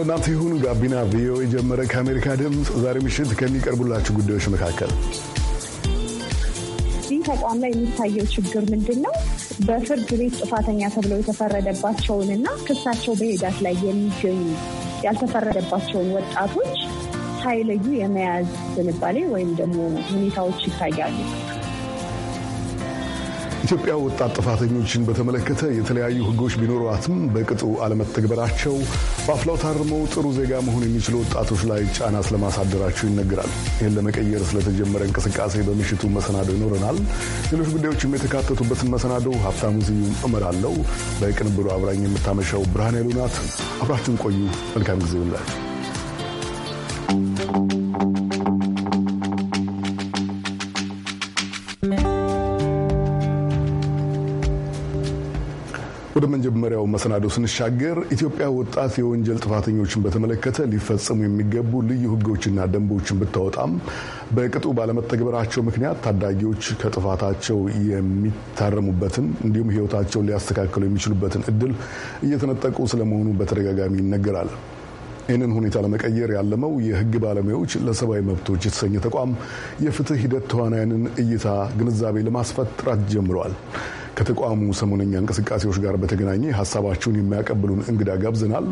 ለእናንተ ይሁን። ጋቢና ቪኦኤ ጀመረ። ከአሜሪካ ድምፅ ዛሬ ምሽት ከሚቀርቡላችሁ ጉዳዮች መካከል ይህ ተቋም ላይ የሚታየው ችግር ምንድን ነው? በፍርድ ቤት ጥፋተኛ ተብለው የተፈረደባቸውንና ክሳቸው በሂደት ላይ የሚገኙ ያልተፈረደባቸውን ወጣቶች ሳይለዩ የመያዝ ዝንባሌ ወይም ደግሞ ሁኔታዎች ይታያሉ። ኢትዮጵያ ወጣት ጥፋተኞችን በተመለከተ የተለያዩ ሕጎች ቢኖሯትም በቅጡ አለመተግበራቸው በአፍላው ታርመው ጥሩ ዜጋ መሆን የሚችሉ ወጣቶች ላይ ጫና ስለማሳደራቸው ይነገራል። ይህን ለመቀየር ስለተጀመረ እንቅስቃሴ በምሽቱ መሰናዶ ይኖረናል። ሌሎች ጉዳዮችም የተካተቱበትን መሰናዶ ሀብታሙ ስዩም እመራለሁ። በቅንብሩ አብራኝ የምታመሻው ብርሃን ያሉናት። አብራችን ቆዩ። መልካም ጊዜ ይሁንላችሁ። መጀመሪያው መሰናዶ ስንሻገር ኢትዮጵያ ወጣት የወንጀል ጥፋተኞችን በተመለከተ ሊፈጸሙ የሚገቡ ልዩ ሕጎችና ደንቦችን ብታወጣም በቅጡ ባለመተግበራቸው ምክንያት ታዳጊዎች ከጥፋታቸው የሚታረሙበትን እንዲሁም ሕይወታቸውን ሊያስተካክሉ የሚችሉበትን እድል እየተነጠቁ ስለመሆኑ በተደጋጋሚ ይነገራል። ይህንን ሁኔታ ለመቀየር ያለመው የህግ ባለሙያዎች ለሰብአዊ መብቶች የተሰኘ ተቋም የፍትህ ሂደት ተዋናያንን እይታ ግንዛቤ ለማስፈት ጥረት ጀምረዋል። ከተቋሙ ሰሞነኛ እንቅስቃሴዎች ጋር በተገናኘ ሀሳባቸውን የሚያቀብሉን እንግዳ ጋብዘናል።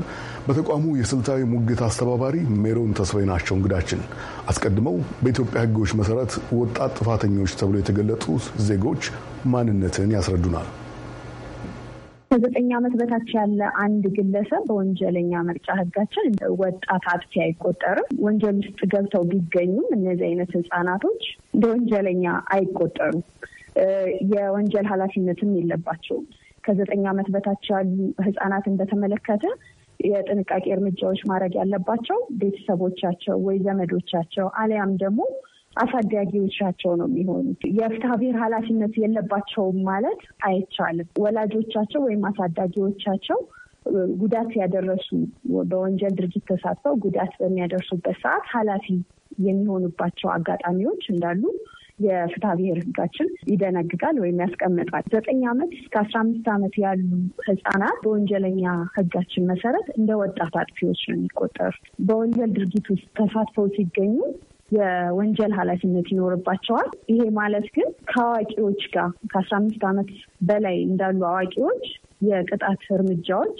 በተቋሙ የስልታዊ ሙግት አስተባባሪ ሜሮን ተስፋዬ ናቸው እንግዳችን። አስቀድመው በኢትዮጵያ ሕጎች መሰረት ወጣት ጥፋተኞች ተብሎ የተገለጡ ዜጎች ማንነትን ያስረዱናል። ከዘጠኝ ዓመት በታች ያለ አንድ ግለሰብ በወንጀለኛ መርጫ ህጋችን ወጣት አጥፊ አይቆጠርም። ወንጀል ውስጥ ገብተው ቢገኙም እነዚህ አይነት ህጻናቶች እንደ ወንጀለኛ አይቆጠሩም። የወንጀል ኃላፊነትም የለባቸውም። ከዘጠኝ ዓመት በታች ያሉ ህጻናትን በተመለከተ የጥንቃቄ እርምጃዎች ማድረግ ያለባቸው ቤተሰቦቻቸው ወይ ዘመዶቻቸው አሊያም ደግሞ አሳዳጊዎቻቸው ነው የሚሆኑት። የፍትሐ ብሔር ኃላፊነት የለባቸውም ማለት አይቻልም። ወላጆቻቸው ወይም አሳዳጊዎቻቸው ጉዳት ያደረሱ በወንጀል ድርጊት ተሳትፈው ጉዳት በሚያደርሱበት ሰዓት ኃላፊ የሚሆኑባቸው አጋጣሚዎች እንዳሉ የፍትሐ ብሔር ህጋችን ይደነግጋል ወይም ያስቀምጣል። ዘጠኝ ዓመት እስከ አስራ አምስት ዓመት ያሉ ህጻናት በወንጀለኛ ህጋችን መሰረት እንደ ወጣት አጥፊዎች ነው የሚቆጠሩት። በወንጀል ድርጊት ውስጥ ተሳትፈው ሲገኙ የወንጀል ኃላፊነት ይኖርባቸዋል። ይሄ ማለት ግን ከአዋቂዎች ጋር ከአስራ አምስት ዓመት በላይ እንዳሉ አዋቂዎች የቅጣት እርምጃዎች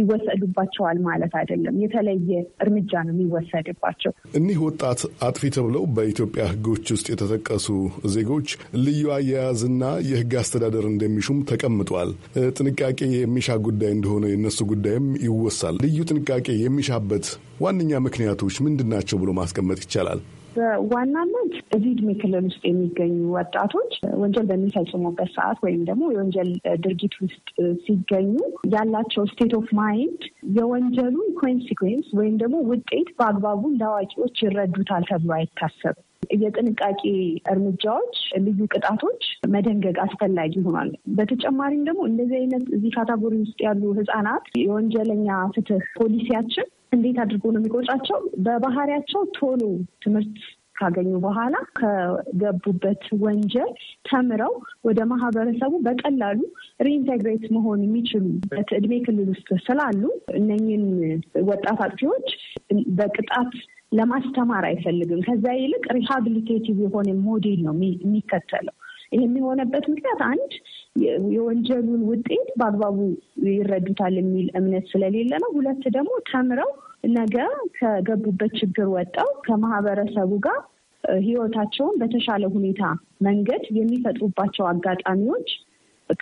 ይወሰዱባቸዋል ማለት አይደለም። የተለየ እርምጃ ነው የሚወሰድባቸው። እኒህ ወጣት አጥፊ ተብለው በኢትዮጵያ ሕጎች ውስጥ የተጠቀሱ ዜጎች ልዩ አያያዝና የሕግ አስተዳደር እንደሚሹም ተቀምጧል። ጥንቃቄ የሚሻ ጉዳይ እንደሆነ የነሱ ጉዳይም ይወሳል። ልዩ ጥንቃቄ የሚሻበት ዋነኛ ምክንያቶች ምንድን ናቸው ብሎ ማስቀመጥ ይቻላል? በዋናነት እዚህ እድሜ ክልል ውስጥ የሚገኙ ወጣቶች ወንጀል በሚፈጽሙበት ሰዓት ወይም ደግሞ የወንጀል ድርጊት ውስጥ ሲገኙ ያላቸው ስቴት ኦፍ ማይንድ የወንጀሉን ኮንሲኩዌንስ ወይም ደግሞ ውጤት በአግባቡ ለአዋቂዎች ይረዱታል ተብሎ አይታሰብም። የጥንቃቄ እርምጃዎች፣ ልዩ ቅጣቶች መደንገግ አስፈላጊ ይሆናል። በተጨማሪም ደግሞ እንደዚህ አይነት እዚህ ካታጎሪ ውስጥ ያሉ ህጻናት የወንጀለኛ ፍትህ ፖሊሲያችን እንዴት አድርጎ ነው የሚቆጫቸው? በባህሪያቸው ቶሎ ትምህርት ካገኙ በኋላ ከገቡበት ወንጀል ተምረው ወደ ማህበረሰቡ በቀላሉ ሪኢንቴግሬት መሆን የሚችሉበት እድሜ ክልል ውስጥ ስላሉ እነኝን ወጣት አጥፊዎች በቅጣት ለማስተማር አይፈልግም። ከዚያ ይልቅ ሪሃብሊቴቲቭ የሆነ ሞዴል ነው የሚከተለው። ይህ የሚሆነበት ምክንያት አንድ የወንጀሉን ውጤት በአግባቡ ይረዱታል የሚል እምነት ስለሌለ ነው። ሁለት ደግሞ ተምረው ነገ ከገቡበት ችግር ወጠው ከማህበረሰቡ ጋር ህይወታቸውን በተሻለ ሁኔታ መንገድ የሚፈጥሩባቸው አጋጣሚዎች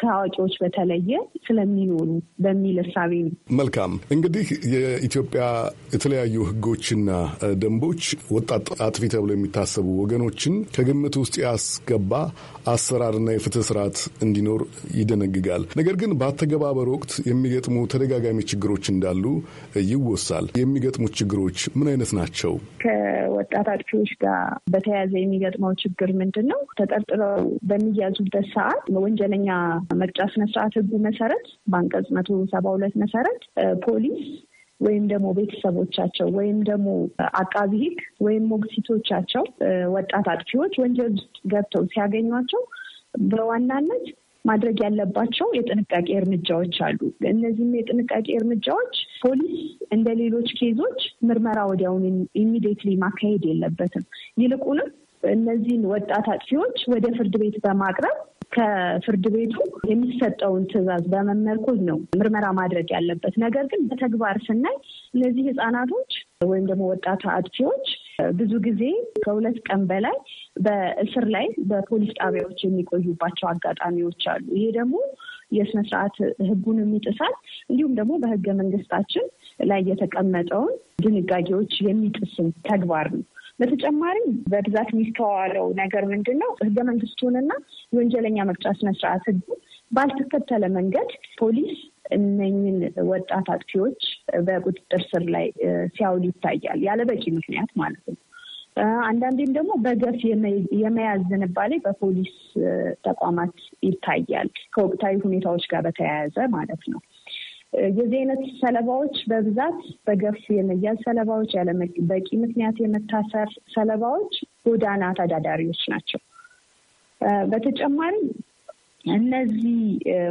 ከአዋቂዎች በተለየ ስለሚኖሩ በሚል እሳቤ ነው። መልካም እንግዲህ የኢትዮጵያ የተለያዩ ህጎችና ደንቦች ወጣት አጥፊ ተብሎ የሚታሰቡ ወገኖችን ከግምት ውስጥ ያስገባ አሰራርና የፍትህ ስርዓት እንዲኖር ይደነግጋል። ነገር ግን በአተገባበር ወቅት የሚገጥሙ ተደጋጋሚ ችግሮች እንዳሉ ይወሳል። የሚገጥሙት ችግሮች ምን አይነት ናቸው? ከወጣት አጥፊዎች ጋር በተያያዘ የሚገጥመው ችግር ምንድን ነው? ተጠርጥረው በሚያዙበት ሰዓት ወንጀለኛ መቅጫ ስነስርዓት ህጉ መሰረት በአንቀጽ መቶ ሰባ ሁለት መሰረት ፖሊስ ወይም ደግሞ ቤተሰቦቻቸው ወይም ደግሞ አቃቢ ሕግ ወይም ሞግሲቶቻቸው ወጣት አጥፊዎች ወንጀል ውስጥ ገብተው ሲያገኟቸው በዋናነት ማድረግ ያለባቸው የጥንቃቄ እርምጃዎች አሉ። እነዚህም የጥንቃቄ እርምጃዎች ፖሊስ እንደ ሌሎች ኬዞች ምርመራ ወዲያውን ኢሚዲየትሊ ማካሄድ የለበትም። ይልቁንም እነዚህን ወጣት አጥፊዎች ወደ ፍርድ ቤት በማቅረብ ከፍርድ ቤቱ የሚሰጠውን ትዕዛዝ በመመርኮዝ ነው ምርመራ ማድረግ ያለበት። ነገር ግን በተግባር ስናይ እነዚህ ህጻናቶች ወይም ደግሞ ወጣት አጥፊዎች ብዙ ጊዜ ከሁለት ቀን በላይ በእስር ላይ በፖሊስ ጣቢያዎች የሚቆዩባቸው አጋጣሚዎች አሉ። ይሄ ደግሞ የስነ ስርዓት ህጉንም ይጥሳል። እንዲሁም ደግሞ በህገ መንግስታችን ላይ የተቀመጠውን ድንጋጌዎች የሚጥስም ተግባር ነው። በተጨማሪም በብዛት የሚስተዋለው ነገር ምንድን ነው? ህገ መንግስቱንና የወንጀለኛ መቅጫ ስነስርዓት ህጉ ባልተከተለ መንገድ ፖሊስ እነኝን ወጣት አጥፊዎች በቁጥጥር ስር ላይ ሲያውል ይታያል፣ ያለ በቂ ምክንያት ማለት ነው። አንዳንዴም ደግሞ በገፍ የመያዝ ዝንባሌ በፖሊስ ተቋማት ይታያል፣ ከወቅታዊ ሁኔታዎች ጋር በተያያዘ ማለት ነው። የዚህ አይነት ሰለባዎች በብዛት በገፍ የመያዝ ሰለባዎች፣ ያለ በቂ ምክንያት የመታሰር ሰለባዎች ጎዳና ተዳዳሪዎች ናቸው። በተጨማሪም እነዚህ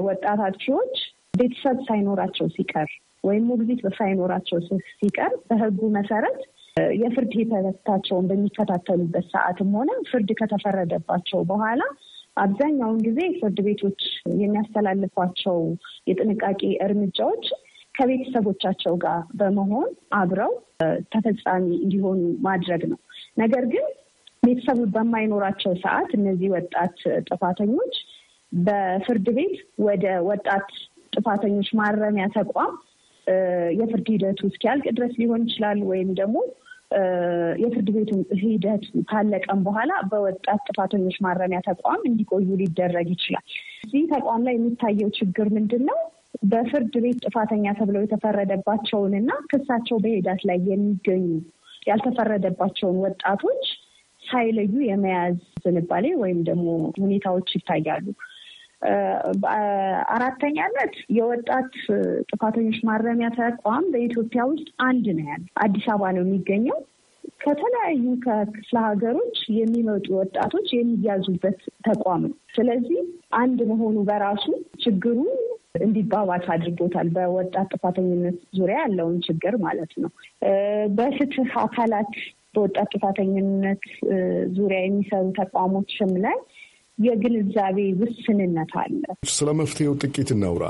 ወጣት አጥፊዎች ቤተሰብ ሳይኖራቸው ሲቀር ወይም ሞግዚት ሳይኖራቸው ሲቀር በሕጉ መሰረት የፍርድ ሂደታቸውን በሚከታተሉበት ሰዓትም ሆነ ፍርድ ከተፈረደባቸው በኋላ አብዛኛውን ጊዜ ፍርድ ቤቶች የሚያስተላልፏቸው የጥንቃቄ እርምጃዎች ከቤተሰቦቻቸው ጋር በመሆን አብረው ተፈጻሚ እንዲሆኑ ማድረግ ነው። ነገር ግን ቤተሰቡ በማይኖራቸው ሰዓት እነዚህ ወጣት ጥፋተኞች በፍርድ ቤት ወደ ወጣት ጥፋተኞች ማረሚያ ተቋም የፍርድ ሂደቱ እስኪያልቅ ድረስ ሊሆን ይችላል ወይም ደግሞ የፍርድ ቤቱን ሂደት ካለቀም በኋላ በወጣት ጥፋተኞች ማረሚያ ተቋም እንዲቆዩ ሊደረግ ይችላል። እዚህ ተቋም ላይ የሚታየው ችግር ምንድን ነው? በፍርድ ቤት ጥፋተኛ ተብለው እና ክሳቸው በሂደት ላይ የሚገኙ ያልተፈረደባቸውን ወጣቶች ሳይለዩ የመያዝ ዝንባሌ ወይም ደግሞ ሁኔታዎች ይታያሉ። አራተኛነት የወጣት ጥፋተኞች ማረሚያ ተቋም በኢትዮጵያ ውስጥ አንድ ነው ያለ አዲስ አበባ ነው የሚገኘው። ከተለያዩ ከክፍለ ሀገሮች የሚመጡ ወጣቶች የሚያዙበት ተቋም ነው። ስለዚህ አንድ መሆኑ በራሱ ችግሩ እንዲባባስ አድርጎታል። በወጣት ጥፋተኝነት ዙሪያ ያለውን ችግር ማለት ነው። በፍትህ አካላት በወጣት ጥፋተኝነት ዙሪያ የሚሰሩ ተቋሞችም ላይ የግንዛቤ ውስንነት አለ። ስለ መፍትሄው ጥቂት እናውራ።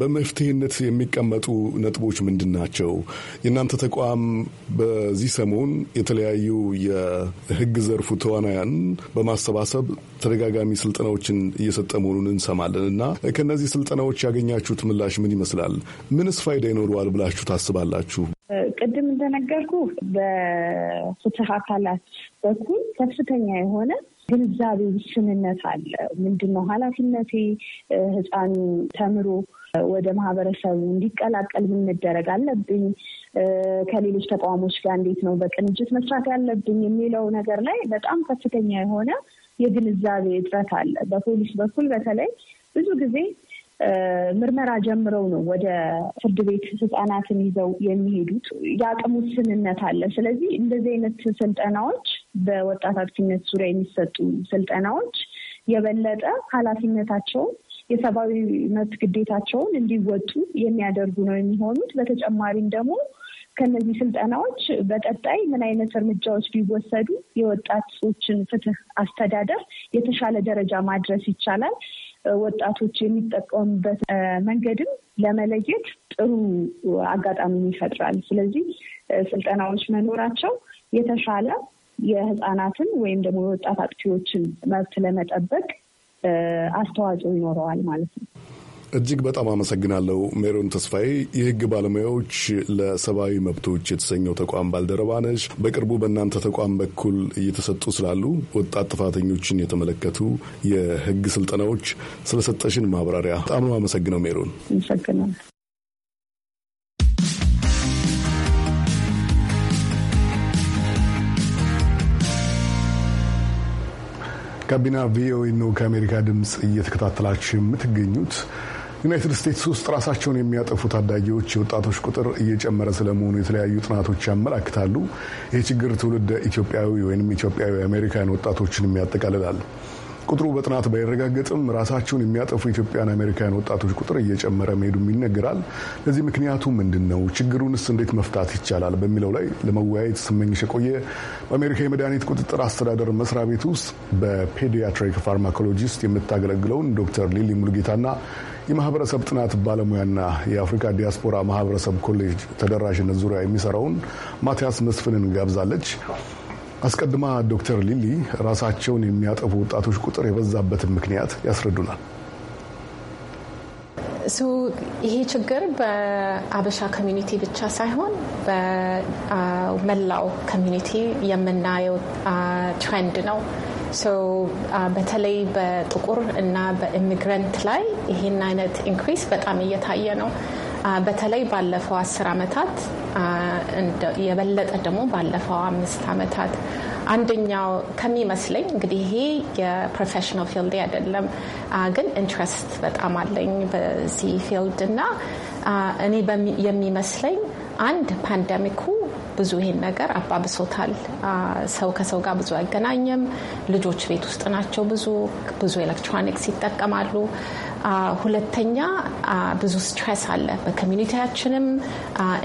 በመፍትሄነት የሚቀመጡ ነጥቦች ምንድን ናቸው? የእናንተ ተቋም በዚህ ሰሞን የተለያዩ የህግ ዘርፉ ተዋናያን በማሰባሰብ ተደጋጋሚ ስልጠናዎችን እየሰጠ መሆኑን እንሰማለን እና ከእነዚህ ስልጠናዎች ያገኛችሁት ምላሽ ምን ይመስላል? ምንስ ፋይዳ ይኖረዋል ብላችሁ ታስባላችሁ? ቅድም እንደነገርኩ በፍትህ አካላት በኩል ከፍተኛ የሆነ ግንዛቤ ውስንነት አለ። ምንድነው ነው ኃላፊነቴ ህፃኑ ተምሮ ወደ ማህበረሰቡ እንዲቀላቀል ምን መደረግ አለብኝ፣ ከሌሎች ተቋሞች ጋር እንዴት ነው በቅንጅት መስራት ያለብኝ የሚለው ነገር ላይ በጣም ከፍተኛ የሆነ የግንዛቤ እጥረት አለ። በፖሊስ በኩል በተለይ ብዙ ጊዜ ምርመራ ጀምረው ነው ወደ ፍርድ ቤት ህጻናትን ይዘው የሚሄዱት። የአቅም ውስንነት አለ። ስለዚህ እንደዚህ አይነት ስልጠናዎች በወጣት አጥፊነት ዙሪያ የሚሰጡ ስልጠናዎች የበለጠ ኃላፊነታቸውን የሰብአዊ መብት ግዴታቸውን እንዲወጡ የሚያደርጉ ነው የሚሆኑት። በተጨማሪም ደግሞ ከነዚህ ስልጠናዎች በቀጣይ ምን አይነት እርምጃዎች ቢወሰዱ የወጣቶችን ፍትህ አስተዳደር የተሻለ ደረጃ ማድረስ ይቻላል ወጣቶች የሚጠቀሙበት መንገድም ለመለየት ጥሩ አጋጣሚ ይፈጥራል። ስለዚህ ስልጠናዎች መኖራቸው የተሻለ የህፃናትን ወይም ደግሞ የወጣት አጥፊዎችን መብት ለመጠበቅ አስተዋጽኦ ይኖረዋል ማለት ነው። እጅግ በጣም አመሰግናለሁ ሜሮን ተስፋዬ። የህግ ባለሙያዎች ለሰብአዊ መብቶች የተሰኘው ተቋም ባልደረባ ነሽ። በቅርቡ በእናንተ ተቋም በኩል እየተሰጡ ስላሉ ወጣት ጥፋተኞችን የተመለከቱ የህግ ስልጠናዎች ስለሰጠሽን ማብራሪያ በጣም ነው አመሰግነው ሜሮን። ጋቢና ቪኦኤ ነው ከአሜሪካ ድምፅ እየተከታተላችሁ የምትገኙት። ዩናይትድ ስቴትስ ውስጥ ራሳቸውን የሚያጠፉ ታዳጊዎች የወጣቶች ቁጥር እየጨመረ ስለመሆኑ የተለያዩ ጥናቶች ያመላክታሉ። ይህ ችግር ትውልድ ኢትዮጵያዊ ወይም ኢትዮጵያዊ አሜሪካን ወጣቶችንም ያጠቃልላል። ቁጥሩ በጥናት ባይረጋገጥም ራሳቸውን የሚያጠፉ ኢትዮጵያን አሜሪካውያን ወጣቶች ቁጥር እየጨመረ መሄዱም ይነገራል። ለዚህ ምክንያቱ ምንድን ነው? ችግሩንስ እንዴት መፍታት ይቻላል? በሚለው ላይ ለመወያየት ስመኝሽ የቆየ በአሜሪካ የመድኃኒት ቁጥጥር አስተዳደር መስሪያ ቤት ውስጥ በፔዲያትሪክ ፋርማኮሎጂስት የምታገለግለውን ዶክተር ሊሊ ሙልጌታና የማህበረሰብ ጥናት ባለሙያና የአፍሪካ ዲያስፖራ ማህበረሰብ ኮሌጅ ተደራሽነት ዙሪያ የሚሰራውን ማቲያስ መስፍንን ጋብዛለች። አስቀድማ ዶክተር ሊሊ ራሳቸውን የሚያጠፉ ወጣቶች ቁጥር የበዛበትን ምክንያት ያስረዱናል። ይሄ ችግር በአበሻ ኮሚኒቲ ብቻ ሳይሆን በመላው ኮሚኒቲ የምናየው ትሬንድ ነው። Uh, በተለይ በጥቁር እና በኢሚግረንት ላይ ይህን አይነት ኢንክሪስ በጣም እየታየ ነው። uh, በተለይ ባለፈው አስር ዓመታት uh, የበለጠ ደግሞ ባለፈው አምስት ዓመታት አንደኛው ከሚመስለኝ እንግዲህ ይሄ የፕሮፌሽናል ፊልድ አይደለም፣ ግን ኢንትረስት በጣም አለኝ በዚህ ፊልድ እና እኔ የሚመስለኝ አንድ ፓንደሚኩ ብዙ ይሄን ነገር አባብሶታል። ሰው ከሰው ጋር ብዙ አይገናኝም። ልጆች ቤት ውስጥ ናቸው። ብዙ ብዙ ኤሌክትሮኒክስ ይጠቀማሉ። ሁለተኛ ብዙ ስትሬስ አለ። በኮሚኒቲያችንም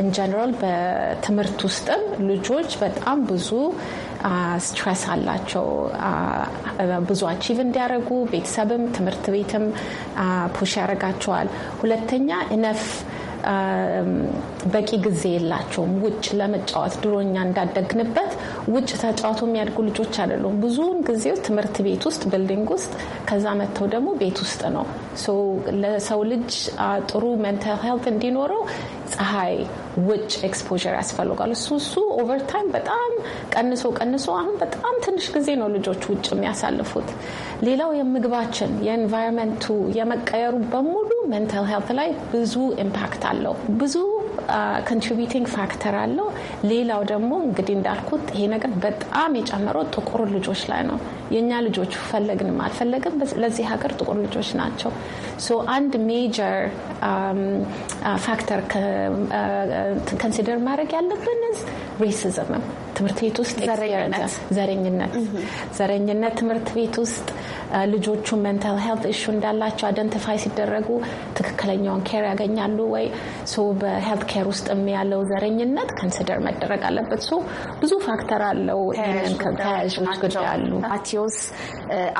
ኢንጀነራል በትምህርት ውስጥም ልጆች በጣም ብዙ ስትሬስ አላቸው። ብዙ አቺቭ እንዲያደርጉ ቤተሰብም ትምህርት ቤትም ፑሽ ያደርጋቸዋል። ሁለተኛ ኢነፍ በቂ ጊዜ የላቸውም ውጭ ለመጫወት። ድሮኛ እንዳደግንበት ውጭ ተጫውቶ የሚያድጉ ልጆች አይደሉም። ብዙውን ጊዜ ትምህርት ቤት ውስጥ፣ ቢልዲንግ ውስጥ፣ ከዛ መጥተው ደግሞ ቤት ውስጥ ነው። ለሰው ልጅ ጥሩ ሜንታል ሄልት እንዲኖረው ፀሐይ ውጭ ኤክስፖዠር ያስፈልጋል። እሱ እሱ ኦቨርታይም በጣም ቀንሶ ቀንሶ አሁን በጣም ትንሽ ጊዜ ነው ልጆች ውጭ የሚያሳልፉት። ሌላው የምግባችን የኤንቫይሮንመንቱ የመቀየሩ በሙሉ ሜንታል ሄልት ላይ ብዙ ኢምፓክት አለው። ብዙ ኮንትሪቢቲንግ uh, ፋክተር አለው። ሌላው ደግሞ እንግዲህ እንዳልኩት ይሄ ነገር በጣም የጨመረው ጥቁር ልጆች ላይ ነው። የእኛ ልጆች ፈለግንም አልፈለግም ለዚህ ሀገር ጥቁር ልጆች ናቸው። ሶ አንድ ሜጀር ፋክተር ከንሲደር ማድረግ ያለብን ሬሲዝም፣ ትምህርት ቤት ውስጥ ዘረኝነት፣ ዘረኝነት ትምህርት ቤት ውስጥ uh, ልጆቹ ሜንታል ሄልት ኢሹ እንዳላቸው አደንቲፋይ ሲደረጉ ትክክለኛውን ኬር ያገኛሉ ወይ? ሶ በሄልት ኬር ውስጥ ያለው ዘረኝነት ከንስደር መደረግ አለበት። ሶ ብዙ ፋክተር አለው። ተያያዥ ጉዳይ አሉ። ማቴዎስ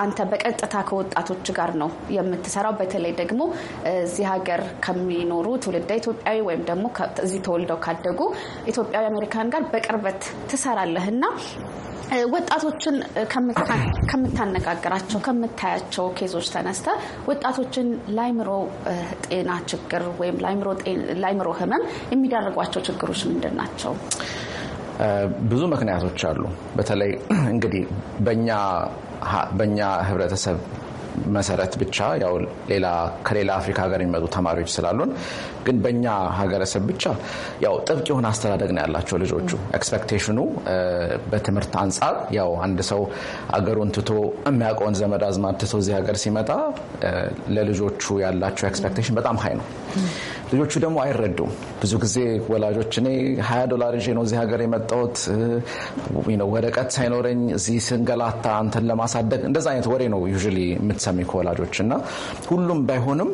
አንተ በቀጥታ ከወጣቶች ጋር ነው የምትሰራው። በተለይ ደግሞ እዚህ ሀገር ከሚኖሩ ትውልደ ኢትዮጵያዊ ወይም ደግሞ እዚህ ተወልደው ካደጉ ኢትዮጵያዊ አሜሪካን ጋር በቅርበት ትሰራለህ እና ወጣቶችን ከምታነጋግራቸው ከምታያቸው ኬዞች ተነስተ ወጣቶችን ላይምሮ ጤና ችግር ወይም ላይምሮ ህመም የሚዳርጓቸው ችግሮች ምንድን ናቸው? ብዙ ምክንያቶች አሉ። በተለይ እንግዲህ በእኛ ህብረተሰብ መሰረት ብቻ ያው ሌላ ከሌላ አፍሪካ ሀገር የሚመጡ ተማሪዎች ስላሉን ግን በእኛ ሀገረሰብ ብቻ ያው ጥብቅ የሆነ አስተዳደግ ነው ያላቸው ልጆቹ። ኤክስፔክቴሽኑ በትምህርት አንጻር ያው አንድ ሰው አገሩን ትቶ የሚያውቀውን ዘመድ አዝማድ ትቶ እዚህ ሀገር ሲመጣ ለልጆቹ ያላቸው ኤክስፔክቴሽን በጣም ሀይ ነው። ልጆቹ ደግሞ አይረዱም። ብዙ ጊዜ ወላጆች እኔ ሀያ ዶላር ይዤ ነው እዚህ ሀገር የመጣሁት ወረቀት ሳይኖረኝ እዚህ ስንገላታ አንተን ለማሳደግ እንደዚ አይነት ወሬ ነው ዩ የምትሰሚ ከወላጆች እና ሁሉም ባይሆንም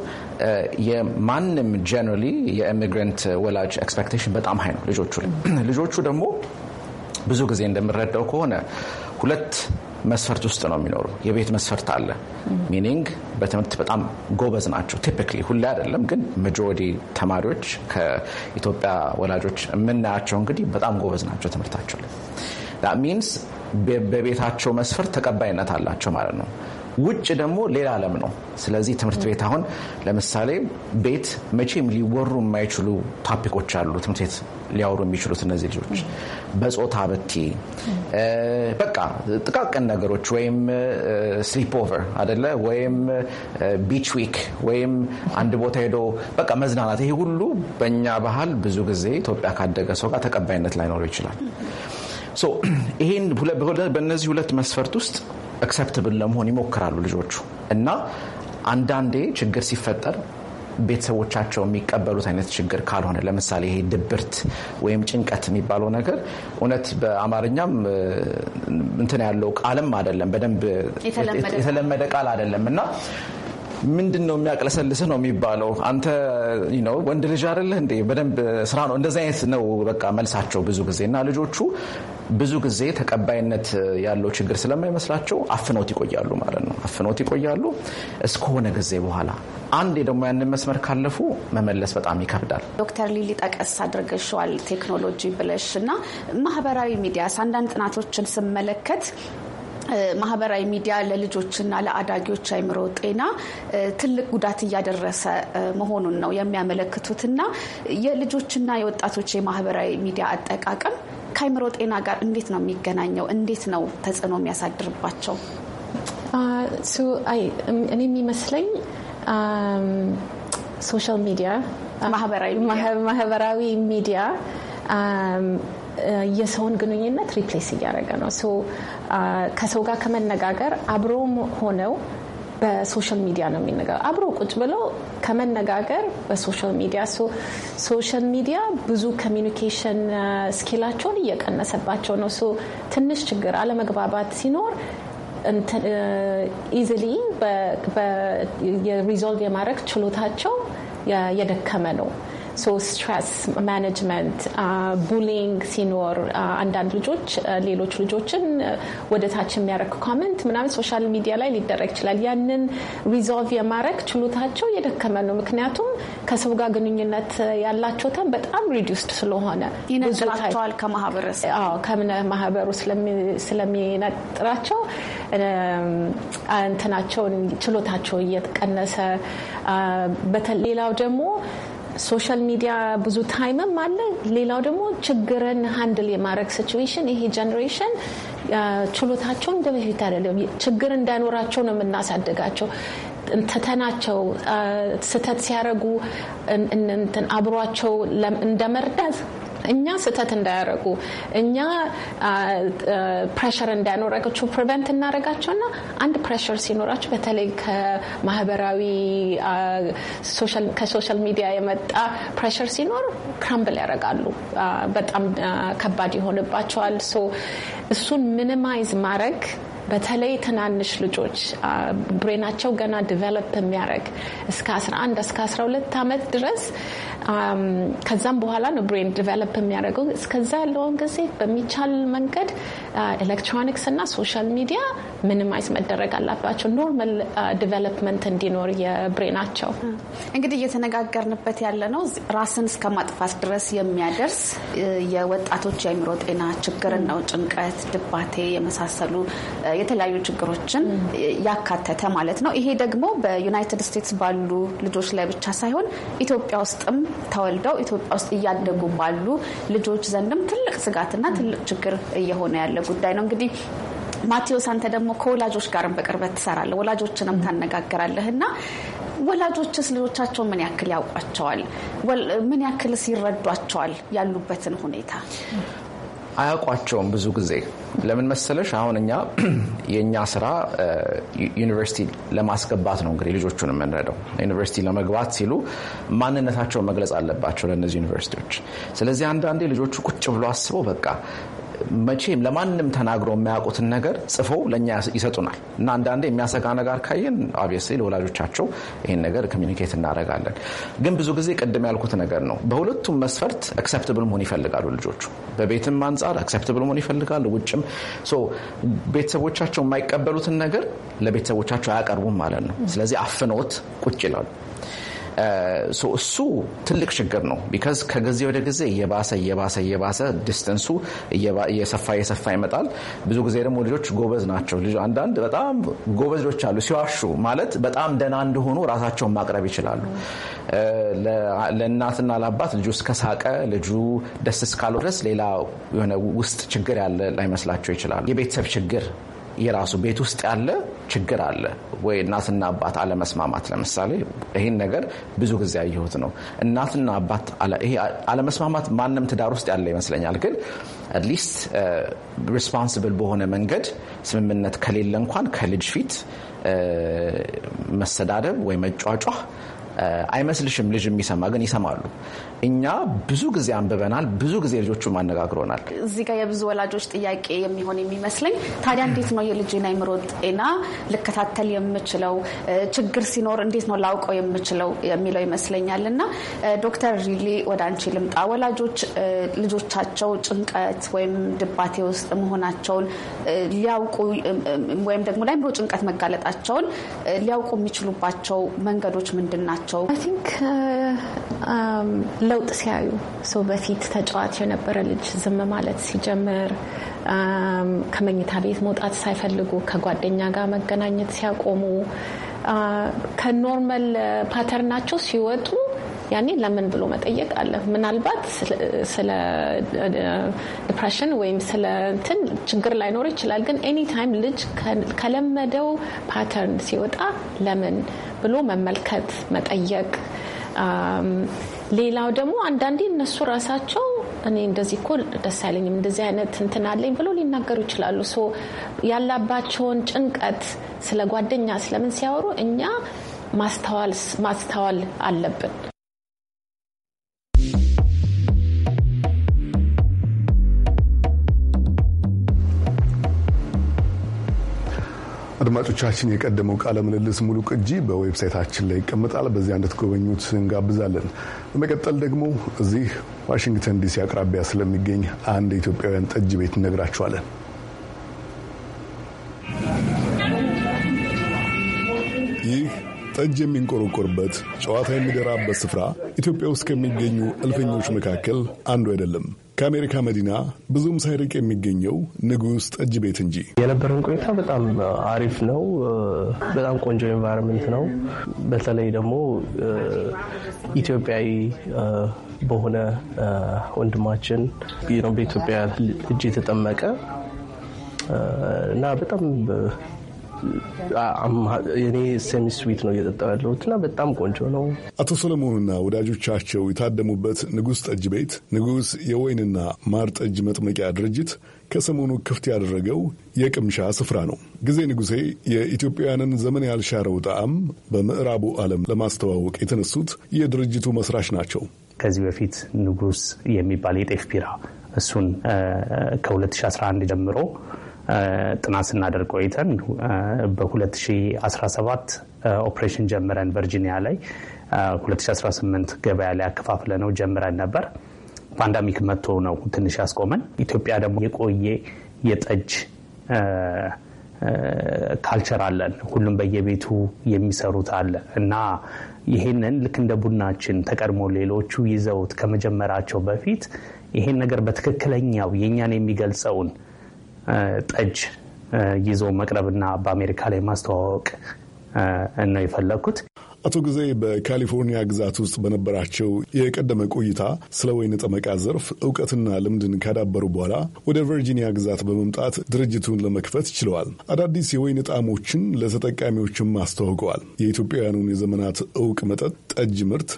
የማንም ጀነራሊ የኢሚግራንት ወላጅ ኤክስፔክቴሽን በጣም ሀይ ነው ልጆቹ ላይ። ልጆቹ ደግሞ ብዙ ጊዜ እንደምረዳው ከሆነ ሁለት መስፈርት ውስጥ ነው የሚኖሩ። የቤት መስፈርት አለ። ሚኒንግ በትምህርት በጣም ጎበዝ ናቸው። ቲፒክሊ ሁሌ አይደለም ግን መጆሪቲ ተማሪዎች ከኢትዮጵያ ወላጆች የምናያቸው እንግዲህ በጣም ጎበዝ ናቸው ትምህርታቸው ላይ ሚንስ በቤታቸው መስፈርት ተቀባይነት አላቸው ማለት ነው። ውጭ ደግሞ ሌላ ዓለም ነው። ስለዚህ ትምህርት ቤት አሁን ለምሳሌ ቤት መቼም ሊወሩ የማይችሉ ታፒኮች አሉ። ትምህርት ቤት ሊያወሩ የሚችሉት እነዚህ ልጆች በጾታ በቲ በቃ ጥቃቅን ነገሮች ወይም ስሊፕ ኦቨር አደለ ወይም ቢች ዊክ ወይም አንድ ቦታ ሄዶ በቃ መዝናናት፣ ይሄ ሁሉ በእኛ ባህል ብዙ ጊዜ ኢትዮጵያ ካደገ ሰው ጋር ተቀባይነት ላይኖረው ይችላል። በእነዚህ ሁለት መስፈርት ውስጥ አክሰፕትብል ለመሆን ይሞክራሉ ልጆቹ እና አንዳንዴ ችግር ሲፈጠር ቤተሰቦቻቸው የሚቀበሉት አይነት ችግር ካልሆነ ለምሳሌ ይሄ ድብርት ወይም ጭንቀት የሚባለው ነገር እውነት በአማርኛም እንትን ያለው ቃልም አይደለም፣ በደንብ የተለመደ ቃል አይደለም እና ምንድን ነው የሚያቅለሰልስ ነው የሚባለው? አንተ ነው ወንድ ልጅ አይደለህ እንዴ? በደንብ ስራ ነው። እንደዚህ አይነት ነው በቃ መልሳቸው ብዙ ጊዜ እና ልጆቹ ብዙ ጊዜ ተቀባይነት ያለው ችግር ስለማይመስላቸው አፍኖት ይቆያሉ ማለት ነው። አፍኖት ይቆያሉ እስከሆነ ጊዜ በኋላ አንዴ ደግሞ ያንን መስመር ካለፉ መመለስ በጣም ይከብዳል። ዶክተር ሊሊ ጠቀስ አድርገሸዋል ቴክኖሎጂ ብለሽ እና ማህበራዊ ሚዲያስ አንዳንድ ጥናቶችን ስመለከት ማህበራዊ ሚዲያ ለልጆችና ለአዳጊዎች አይምሮ ጤና ትልቅ ጉዳት እያደረሰ መሆኑን ነው የሚያመለክቱት እና የልጆችና የወጣቶች የማህበራዊ ሚዲያ አጠቃቀም ከአይምሮ ጤና ጋር እንዴት ነው የሚገናኘው? እንዴት ነው ተጽዕኖ የሚያሳድርባቸው? Uh, እኔ የሚመስለኝ ሶሻል um, ሚዲያ uh, ማህበራዊ ሚዲያ um, የሰውን ግንኙነት ሪፕሌስ እያደረገ ነው። ከሰው ጋር ከመነጋገር አብሮም ሆነው በሶሻል ሚዲያ ነው የሚነጋገር። አብሮ ቁጭ ብለው ከመነጋገር በሶሻል ሚዲያ ሶሻል ሚዲያ ብዙ ኮሚኒኬሽን ስኪላቸውን እየቀነሰባቸው ነው። ትንሽ ችግር አለመግባባት ሲኖር ኢዚሊ የሪዞልቭ የማድረግ ችሎታቸው የደከመ ነው። ስትረስ ማኔጅመንት፣ ቡሊንግ ሲኖር አንዳንድ ልጆች ሌሎች ልጆችን ወደ ታች የሚያደርግ ኮመንት ምናምን ሶሻል ሚዲያ ላይ ሊደረግ ይችላል። ያንን ሪዞልቭ የማድረግ ችሎታቸው እየደከመ ነው። ምክንያቱም ከሰው ጋር ግንኙነት ያላቸው ታም በጣም ሪዲውስድ ስለሆነ ይነጥላቸዋል ከማህበረሰብ ከምነ ማህበሩ ስለሚነጥራቸው እንትናቸውን ችሎታቸው እየቀነሰ ሌላው ደግሞ ሶሻል ሚዲያ ብዙ ታይምም አለ። ሌላው ደግሞ ችግርን ሀንድል የማድረግ ሲትዌሽን ይሄ ጀኔሬሽን ችሎታቸው እንደ በፊት አይደለም። ችግር እንዳይኖራቸው ነው የምናሳድጋቸው ትተናቸው ስህተት ሲያደርጉ አብሯቸው እንደመርዳት እኛ ስህተት እንዳያደረጉ እኛ ፕሬሽር እንዳያኖራቸው ፕሪቨንት እናደረጋቸውና አንድ ፕሬሽር ሲኖራቸው በተለይ ከማህበራዊ ከሶሻል ሚዲያ የመጣ ፕሬሽር ሲኖር ክራምብል ያደርጋሉ። በጣም ከባድ ይሆንባቸዋል። እሱን ሚኒማይዝ ማድረግ በተለይ ትናንሽ ልጆች ብሬናቸው ገና ዲቨሎፕ የሚያደርግ እስከ 11 እስከ 12 ዓመት ድረስ ከዛም በኋላ ነው ብሬን ዲቨሎፕ የሚያደርገው። እስከዛ ያለውን ጊዜ በሚቻል መንገድ ኤሌክትሮኒክስ እና ሶሻል ሚዲያ ሚኒማይዝ መደረግ አላባቸው ኖርማል ዲቨሎፕመንት uh, እንዲኖር የብሬናቸው እንግዲህ እየተነጋገርንበት ያለ ነው ራስን እስከ ማጥፋት ድረስ የሚያደርስ የወጣቶች የአእምሮ ጤና ችግርን ነው። ጭንቀት፣ ድባቴ የመሳሰሉ የተለያዩ ችግሮችን ያካተተ ማለት ነው። ይሄ ደግሞ በዩናይትድ ስቴትስ ባሉ ልጆች ላይ ብቻ ሳይሆን ኢትዮጵያ ውስጥም ተወልደው ኢትዮጵያ ውስጥ እያደጉ ባሉ ልጆች ዘንድም ትልቅ ስጋትና ትልቅ ችግር እየሆነ ያለ ጉዳይ ነው እንግዲህ ማቴዎስ አንተ ደግሞ ከወላጆች ጋርም በቅርበት ትሰራለህ፣ ወላጆችንም ታነጋግራለህ እና ወላጆችስ ልጆቻቸውን ምን ያክል ያውቋቸዋል? ምን ያክልስ ይረዷቸዋል? ያሉበትን ሁኔታ አያውቋቸውም። ብዙ ጊዜ ለምን መሰለሽ፣ አሁን እኛ የእኛ ስራ ዩኒቨርሲቲ ለማስገባት ነው። እንግዲህ ልጆቹን የምንረዳው ዩኒቨርሲቲ ለመግባት ሲሉ ማንነታቸውን መግለጽ አለባቸው ለእነዚህ ዩኒቨርሲቲዎች። ስለዚህ አንዳንዴ ልጆቹ ቁጭ ብሎ አስበው በቃ መቼም ለማንም ተናግሮ የሚያውቁትን ነገር ጽፈው ለእኛ ይሰጡናል እና አንዳንዴ የሚያሰጋ ነገር ካየን አብስ ለወላጆቻቸው ይህን ነገር ኮሚኒኬት እናደርጋለን። ግን ብዙ ጊዜ ቅድም ያልኩት ነገር ነው። በሁለቱም መስፈርት አክሴፕትብል መሆን ይፈልጋሉ ልጆቹ። በቤትም አንጻር አክሴፕትብል መሆን ይፈልጋሉ፣ ውጭም ቤተሰቦቻቸው የማይቀበሉትን ነገር ለቤተሰቦቻቸው አያቀርቡም ማለት ነው። ስለዚህ አፍኖት ቁጭ ይላሉ። እሱ ትልቅ ችግር ነው። ቢካዝ ከጊዜ ወደ ጊዜ እየባሰ እየባሰ እየባሰ ዲስተንሱ እየሰፋ እየሰፋ ይመጣል። ብዙ ጊዜ ደግሞ ልጆች ጎበዝ ናቸው። አንዳንድ በጣም ጎበዝ ልጆች አሉ። ሲዋሹ ማለት በጣም ደህና እንደሆኑ ራሳቸውን ማቅረብ ይችላሉ። ለእናትና ለአባት ልጁ እስከሳቀ ልጁ ደስ እስካለው ድረስ ሌላ የሆነ ውስጥ ችግር ያለ ላይመስላቸው ይችላሉ። የቤተሰብ ችግር የራሱ ቤት ውስጥ ያለ ችግር አለ ወይ እናትና አባት አለመስማማት። ለምሳሌ ይህን ነገር ብዙ ጊዜ ያየሁት ነው። እናትና አባት አለመስማማት ማንም ትዳር ውስጥ ያለ ይመስለኛል። ግን አትሊስት ሪስፖንስብል uh, በሆነ መንገድ ስምምነት ከሌለ እንኳን ከልጅ ፊት uh, መሰዳደብ ወይ መጫጫህ አይመስልሽም ልጅ የሚሰማ ግን ይሰማሉ። እኛ ብዙ ጊዜ አንብበናል፣ ብዙ ጊዜ ልጆቹ አነጋግሮናል። እዚህ ጋር የብዙ ወላጆች ጥያቄ የሚሆን የሚመስለኝ ታዲያ እንዴት ነው የልጅን አይምሮ ጤና ልከታተል የምችለው? ችግር ሲኖር እንዴት ነው ላውቀው የምችለው የሚለው ይመስለኛል። እና ዶክተር ሪሊ ወደ አንቺ ልምጣ። ወላጆች ልጆቻቸው ጭንቀት ወይም ድባቴ ውስጥ መሆናቸውን ሊያውቁ ወይም ደግሞ ለአይምሮ ጭንቀት መጋለጣቸውን ሊያውቁ የሚችሉባቸው መንገዶች ምንድን ናቸው? ናቸው? አይ ቲንክ ለውጥ ሲያዩ ሰው በፊት ተጫዋች የነበረ ልጅ ዝም ማለት ሲጀምር፣ um, ከመኝታ ቤት መውጣት ሳይፈልጉ ከጓደኛ ጋር መገናኘት ሲያቆሙ፣ uh, ከኖርመል ፓተርናቸው ሲወጡ ያኔ ለምን ብሎ መጠየቅ አለ። ምናልባት ስለ ዲፕሬሽን uh, ወይም ስለ እንትን ችግር ላይኖር ይችላል። ግን ኤኒ ታይም ልጅ ከለመደው ፓተርን ሲወጣ ለምን ብሎ መመልከት፣ መጠየቅ። ሌላው ደግሞ አንዳንዴ እነሱ ራሳቸው እኔ እንደዚህ እኮ ደስ አይለኝም እንደዚህ አይነት እንትን አለኝ ብሎ ሊናገሩ ይችላሉ። ሶ ያላባቸውን ጭንቀት ስለ ጓደኛ ስለምን ሲያወሩ እኛ ማስተዋል ማስተዋል አለብን። አድማጮቻችን የቀደመው ቃለ ምልልስ ሙሉ ቅጂ በዌብሳይታችን ላይ ይቀመጣል። በዚያ እንድትጎበኙት እንጋብዛለን። በመቀጠል ደግሞ እዚህ ዋሽንግተን ዲሲ አቅራቢያ ስለሚገኝ አንድ የኢትዮጵያውያን ጠጅ ቤት እነግራችኋለን። ይህ ጠጅ የሚንቆረቆርበት ጨዋታ የሚደራበት ስፍራ ኢትዮጵያ ውስጥ ከሚገኙ እልፈኞች መካከል አንዱ አይደለም። ከአሜሪካ መዲና ብዙም ሳይርቅ የሚገኘው ንጉሥ ጠጅ ቤት እንጂ የነበረን ቆይታ በጣም አሪፍ ነው። በጣም ቆንጆ ኤንቫይሮንመንት ነው። በተለይ ደግሞ ኢትዮጵያዊ በሆነ ወንድማችን በኢትዮጵያ እጅ የተጠመቀ እና በጣም እኔ ሴሚ ስዊት ነው እየጠጣው ያለሁት እና በጣም ቆንጆ ነው። አቶ ሰለሞንና ወዳጆቻቸው የታደሙበት ንጉሥ ጠጅ ቤት ንጉሥ የወይንና ማር ጠጅ መጥመቂያ ድርጅት ከሰሞኑ ክፍት ያደረገው የቅምሻ ስፍራ ነው። ጊዜ ንጉሴ የኢትዮጵያውያንን ዘመን ያልሻረው ጣዕም በምዕራቡ ዓለም ለማስተዋወቅ የተነሱት የድርጅቱ መስራች ናቸው። ከዚህ በፊት ንጉሥ የሚባል የጤፍ ቢራ እሱን ከ2011 ጀምሮ ጥናት ስናደርግ ቆይተን በ2017 ኦፕሬሽን ጀምረን ቨርጂኒያ ላይ 2018 ገበያ ላይ አከፋፍለ ነው ጀምረን ነበር። ፓንዳሚክ መጥቶ ነው ትንሽ ያስቆመን። ኢትዮጵያ ደግሞ የቆየ የጠጅ ካልቸር አለን። ሁሉም በየቤቱ የሚሰሩት አለ እና ይህንን ልክ እንደ ቡናችን ተቀድሞ ሌሎቹ ይዘውት ከመጀመራቸው በፊት ይሄን ነገር በትክክለኛው የእኛን የሚገልጸውን ጠጅ ይዞ መቅረብና በአሜሪካ ላይ ማስተዋወቅ ነው የፈለግኩት። አቶ ጊዜ በካሊፎርኒያ ግዛት ውስጥ በነበራቸው የቀደመ ቆይታ ስለ ወይን ጠመቃ ዘርፍ እውቀትና ልምድን ካዳበሩ በኋላ ወደ ቨርጂኒያ ግዛት በመምጣት ድርጅቱን ለመክፈት ችለዋል። አዳዲስ የወይን ጣዕሞችን ለተጠቃሚዎችም አስተዋውቀዋል። የኢትዮጵያውያኑን የዘመናት እውቅ መጠጥ ጠጅ ምርት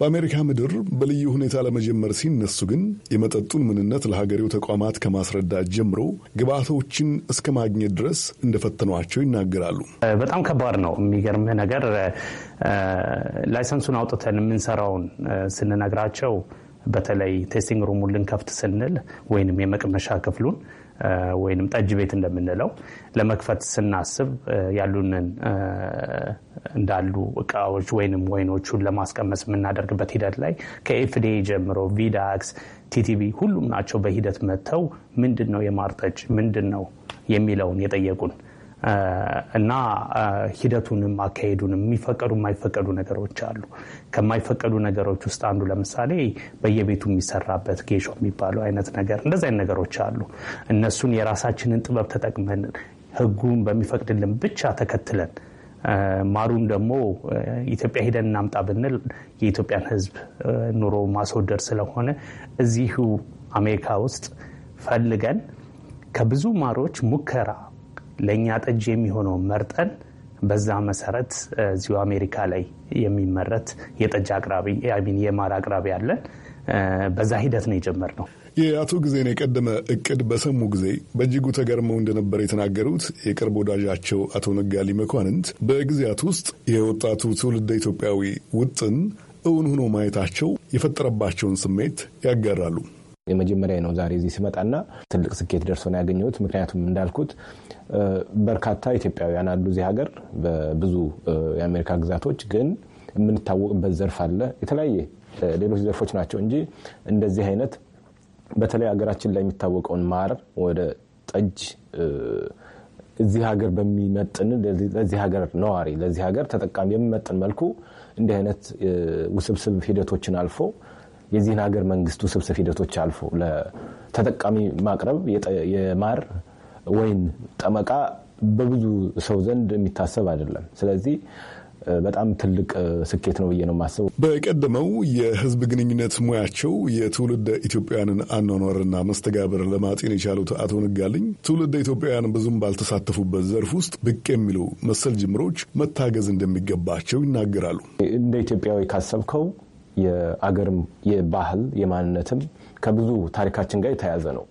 በአሜሪካ ምድር በልዩ ሁኔታ ለመጀመር ሲነሱ ግን የመጠጡን ምንነት ለሀገሬው ተቋማት ከማስረዳት ጀምሮ ግብአቶችን እስከ ማግኘት ድረስ እንደፈተኗቸው ይናገራሉ። በጣም ከባድ ነው። የሚገርም ነገር ላይሰንሱን አውጥተን የምንሰራውን ስንነግራቸው በተለይ ቴስቲንግ ሩሙን ልንከፍት ስንል ወይንም የመቅመሻ ክፍሉን ወይንም ጠጅ ቤት እንደምንለው ለመክፈት ስናስብ ያሉንን እንዳሉ እቃዎች ወይንም ወይኖቹን ለማስቀመስ የምናደርግበት ሂደት ላይ ከኤፍዲኤ ጀምሮ ቪዳክስ፣ ቲቲቪ ሁሉም ናቸው በሂደት መጥተው ምንድን ነው የማር ጠጅ ምንድን ነው የሚለውን የጠየቁን እና ሂደቱንም አካሄዱንም የሚፈቀዱ የማይፈቀዱ ነገሮች አሉ። ከማይፈቀዱ ነገሮች ውስጥ አንዱ ለምሳሌ በየቤቱ የሚሰራበት ጌሾ የሚባለው አይነት ነገር እንደዚ አይነት ነገሮች አሉ። እነሱን የራሳችንን ጥበብ ተጠቅመን ህጉን በሚፈቅድልን ብቻ ተከትለን ማሩን ደግሞ ኢትዮጵያ ሄደን እናምጣ ብንል የኢትዮጵያን ህዝብ ኑሮ ማስወደድ ስለሆነ እዚሁ አሜሪካ ውስጥ ፈልገን ከብዙ ማሮች ሙከራ ለእኛ ጠጅ የሚሆነው መርጠን በዛ መሰረት እዚሁ አሜሪካ ላይ የሚመረት የጠጅ አቅራቢ ሚን የማር አቅራቢ አለን። በዛ ሂደት ነው የጀመርነው። የአቶ ጊዜን የቀደመ እቅድ በሰሙ ጊዜ በእጅጉ ተገርመው እንደነበር የተናገሩት የቅርብ ወዳጃቸው አቶ ነጋሊ መኳንንት በጊዜያት ውስጥ የወጣቱ ትውልደ ኢትዮጵያዊ ውጥን እውን ሆኖ ማየታቸው የፈጠረባቸውን ስሜት ያጋራሉ። የመጀመሪያ ነው ዛሬ እዚህ ስመጣና ትልቅ ስኬት ነው ያገኘሁት። ምክንያቱም እንዳልኩት በርካታ ኢትዮጵያውያን አሉ እዚህ ሀገር በብዙ የአሜሪካ ግዛቶች፣ ግን የምንታወቅበት ዘርፍ አለ የተለያየ ሌሎች ዘርፎች ናቸው እንጂ እንደዚህ አይነት በተለይ ሀገራችን ላይ የሚታወቀውን ማር ወደ ጠጅ እዚህ ሀገር በሚመጥን ለዚህ ሀገር ነዋሪ ለዚህ ሀገር ተጠቃሚ የሚመጥን መልኩ እንዲህ አይነት ውስብስብ ሂደቶችን አልፎ የዚህን ሀገር መንግስት ውስብስብ ሂደቶች አልፎ ለተጠቃሚ ማቅረብ የማር ወይን ጠመቃ በብዙ ሰው ዘንድ የሚታሰብ አይደለም። ስለዚህ በጣም ትልቅ ስኬት ነው ብዬ ነው የማስበው። በቀደመው የህዝብ ግንኙነት ሙያቸው የትውልደ ኢትዮጵያውያንን አኗኗርና መስተጋብር ለማጤን የቻሉት አቶ ንጋልኝ ትውልደ ኢትዮጵያውያን ብዙም ባልተሳተፉበት ዘርፍ ውስጥ ብቅ የሚሉ መሰል ጅምሮች መታገዝ እንደሚገባቸው ይናገራሉ። እንደ ኢትዮጵያዊ ካሰብከው የአገርም የባህል የማንነትም ከብዙ ታሪካችን ጋር የተያያዘ ነው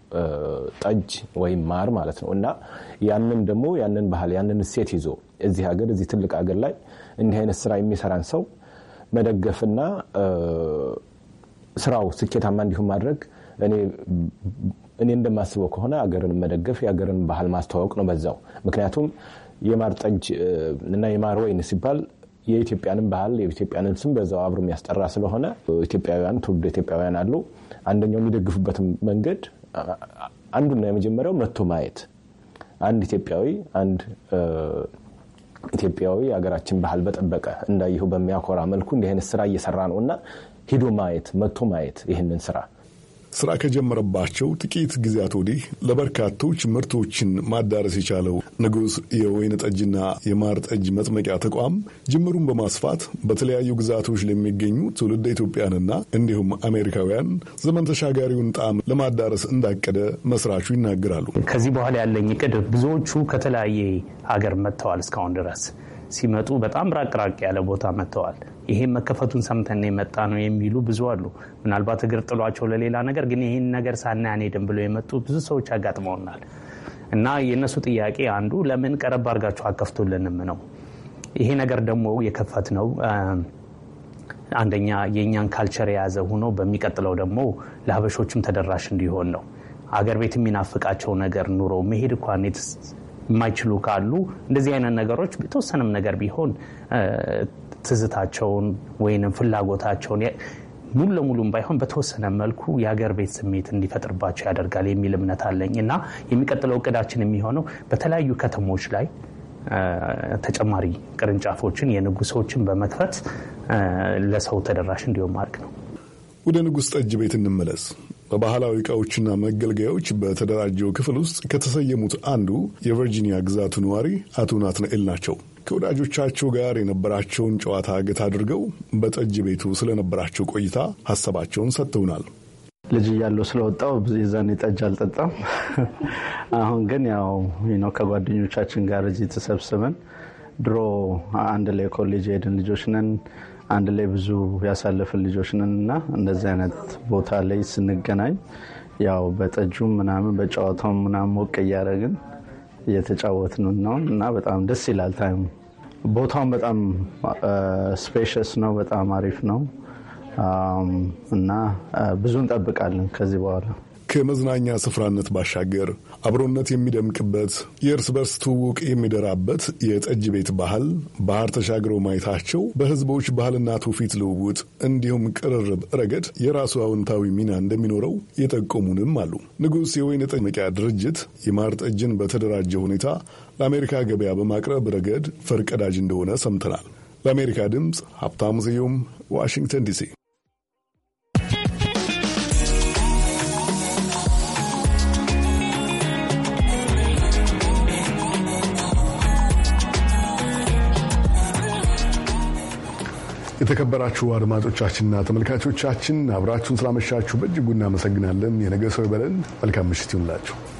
ጠጅ ወይም ማር ማለት ነው። እና ያንን ደግሞ ያንን ባህል ያንን እሴት ይዞ እዚህ ሀገር እዚህ ትልቅ ሀገር ላይ እንዲህ አይነት ስራ የሚሰራን ሰው መደገፍና ስራው ስኬታማ እንዲሁም ማድረግ እኔ እኔ እንደማስበው ከሆነ አገርን መደገፍ የአገርን ባህል ማስተዋወቅ ነው በዛው። ምክንያቱም የማር ጠጅ እና የማር ወይን ሲባል የኢትዮጵያንን ባህል የኢትዮጵያንን ስም በዛው አብሮ የሚያስጠራ ስለሆነ ኢትዮጵያውያን ትውልድ ኢትዮጵያውያን አሉ። አንደኛው የሚደግፉበት መንገድ አንዱና የመጀመሪያው መጥቶ ማየት አንድ ኢትዮጵያዊ አንድ ኢትዮጵያዊ የሀገራችን ባህል በጠበቀ እንዳየሁ በሚያኮራ መልኩ እንዲህ አይነት ስራ እየሰራ ነው እና ሂዶ ማየት መጥቶ ማየት ይህንን ስራ ስራ ከጀመረባቸው ጥቂት ጊዜያት ወዲህ ለበርካቶች ምርቶችን ማዳረስ የቻለው ንጉሥ የወይን ጠጅና የማር ጠጅ መጥመቂያ ተቋም ጅምሩን በማስፋት በተለያዩ ግዛቶች ለሚገኙ ትውልደ ኢትዮጵያንና እንዲሁም አሜሪካውያን ዘመን ተሻጋሪውን ጣዕም ለማዳረስ እንዳቀደ መስራቹ ይናገራሉ። ከዚህ በኋላ ያለኝ እቅድ ብዙዎቹ ከተለያየ ሀገር መጥተዋል እስካሁን ድረስ ሲመጡ በጣም ራቅራቅ ያለ ቦታ መጥተዋል። ይሄን መከፈቱን ሰምተን የመጣ ነው የሚሉ ብዙ አሉ። ምናልባት እግር ጥሏቸው ለሌላ ነገር ግን ይህን ነገር ሳና አንሄድም ብሎ የመጡ ብዙ ሰዎች አጋጥመውናል። እና የእነሱ ጥያቄ አንዱ ለምን ቀረብ አድርጋችሁ አከፍቱልንም ነው። ይሄ ነገር ደግሞ የከፈት ነው አንደኛ የእኛን ካልቸር የያዘ ሆኖ በሚቀጥለው ደግሞ ለሀበሾችም ተደራሽ እንዲሆን ነው። አገር ቤት የሚናፍቃቸው ነገር ኑሮ መሄድ እንኳን የማይችሉ ካሉ እንደዚህ አይነት ነገሮች የተወሰነም ነገር ቢሆን ትዝታቸውን ወይም ፍላጎታቸውን ሙሉ ለሙሉም ባይሆን በተወሰነ መልኩ የሀገር ቤት ስሜት እንዲፈጥርባቸው ያደርጋል የሚል እምነት አለኝ እና የሚቀጥለው እቅዳችን የሚሆነው በተለያዩ ከተሞች ላይ ተጨማሪ ቅርንጫፎችን የንጉሶችን በመክፈት ለሰው ተደራሽ እንዲሆን ማድረግ ነው። ወደ ንጉሥ ጠጅ ቤት እንመለስ። በባህላዊ እቃዎችና መገልገያዎች በተደራጀው ክፍል ውስጥ ከተሰየሙት አንዱ የቨርጂኒያ ግዛቱ ነዋሪ አቶ ናትናኤል ናቸው። ከወዳጆቻቸው ጋር የነበራቸውን ጨዋታ እገት አድርገው በጠጅ ቤቱ ስለነበራቸው ቆይታ ሀሳባቸውን ሰጥተውናል። ልጅ እያለሁ ስለወጣው የዛኔ ጠጅ አልጠጣም። አሁን ግን ያው ነው ከጓደኞቻችን ጋር እዚህ ተሰብስበን ድሮ አንድ ላይ ኮሌጅ ሄድን ልጆች ነን አንድ ላይ ብዙ ያሳለፍን ልጆች ነን እና እንደዚህ አይነት ቦታ ላይ ስንገናኝ ያው በጠጁም ምናምን በጨዋታው ምናምን ሞቅ እያደረግን እየተጫወትን ነው እና በጣም ደስ ይላል። ታይሙ ቦታውን በጣም ስፔሸስ ነው፣ በጣም አሪፍ ነው እና ብዙ እንጠብቃለን ከዚህ በኋላ ከመዝናኛ ስፍራነት ባሻገር አብሮነት የሚደምቅበት የእርስ በርስ ትውውቅ የሚደራበት የጠጅ ቤት ባህል ባህር ተሻግረው ማየታቸው በሕዝቦች ባህልና ትውፊት ልውውጥ እንዲሁም ቅርርብ ረገድ የራሱ አዎንታዊ ሚና እንደሚኖረው የጠቆሙንም አሉ። ንጉሥ የወይን ጠጅ ድርጅት የማር ጠጅን በተደራጀ ሁኔታ ለአሜሪካ ገበያ በማቅረብ ረገድ ፈርቀዳጅ እንደሆነ ሰምተናል። ለአሜሪካ ድምፅ ሀብታሙ ስዩም ዋሽንግተን ዲሲ የተከበራችሁ አድማጮቻችንና ተመልካቾቻችን አብራችሁን ስላመሻችሁ በእጅጉ እናመሰግናለን። የነገ ሰው ይበለን። መልካም ምሽት ይሁንላችሁ።